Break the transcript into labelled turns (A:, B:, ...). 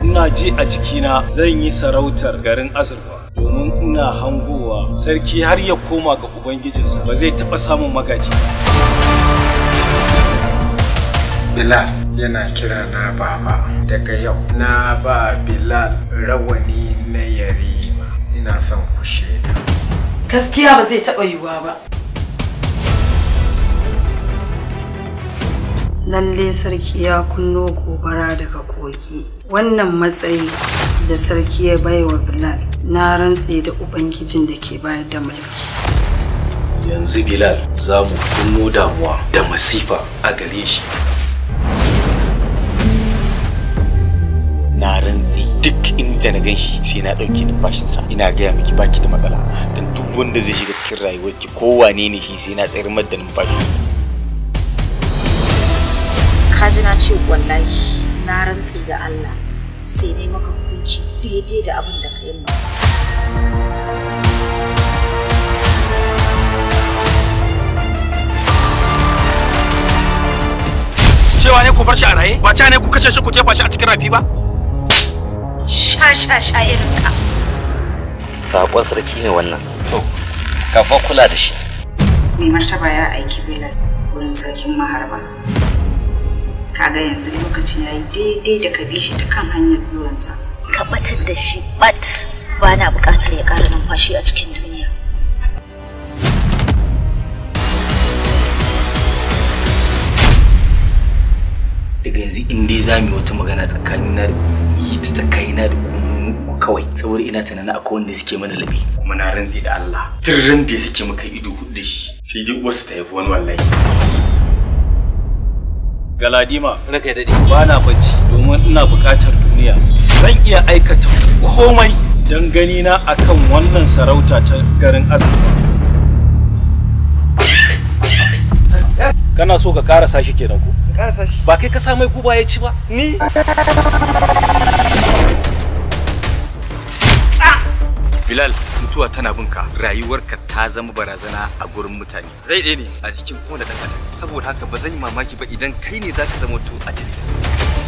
A: Ina ji a jikina zan yi sarautar garin azurfa domin ina hangowa sarki har ya koma ga ubangijinsa ba zai taɓa samun magaji. Bilal yana kira na baba daga yau na ba Bilal rawani na yarima ina son kushe da. Gaskiya ba zai taɓa yiwuwa ba. Lalle sarki ya kunno gobara daga ku. wannan matsayi da sarki ya bai wa Bilal na rantse da Ubangijin da ke bayar da mulki. Yanzu Bilal za mu kunno damuwa da masifa a gare shi. Na rantse duk inda na gan shi sai na ɗauki numfashinsa ina gaya miki baki da matsala don duk wanda zai shiga cikin rayuwarki kowane ne shi sai na tsayar da numfashi. Ka ji na ce wallahi na rantse da Allah sai ne maka hukunci daidai da abin da ka yi cewa ne ku bar shi a raye ba ca ne ku kashe shi ku jefa shi a cikin rafi ba sha sha sha irin ka sakon sarki ne wannan to ka fa kula da shi mai martaba ya aiki bilal wurin sarkin maharba kaga yanzu lokaci yayi daidai da ka bi shi ta kan hanyar zuwansa ka batar da shi bat ba na bukatar ya ƙara numfashi a cikin duniya daga yanzu in dai za mu yi wata magana tsakanina da yi ta tsakanina da ku kawai saboda ina tunanin akwai wanda suke mana labe kuma na rantsi da Allah tun da suke maka ido hudu da shi sai dai uwarsu ta haifi wani wallahi galadima raka dade ba na bacci domin ina buƙatar duniya zan iya aikata komai don gani na akan wannan sarauta ta garin azumi kana so ka karasa shi kenan ko karasa shi ba kai ka sa mai kuba ya ci ba ni ah! bilal mutuwa tana binka rayuwarka ta zama barazana a gurin mutane zai ɗaya ne a cikin kowane ɗan saboda haka ba zan yi mamaki ba idan kai ne zaka zama to a cikin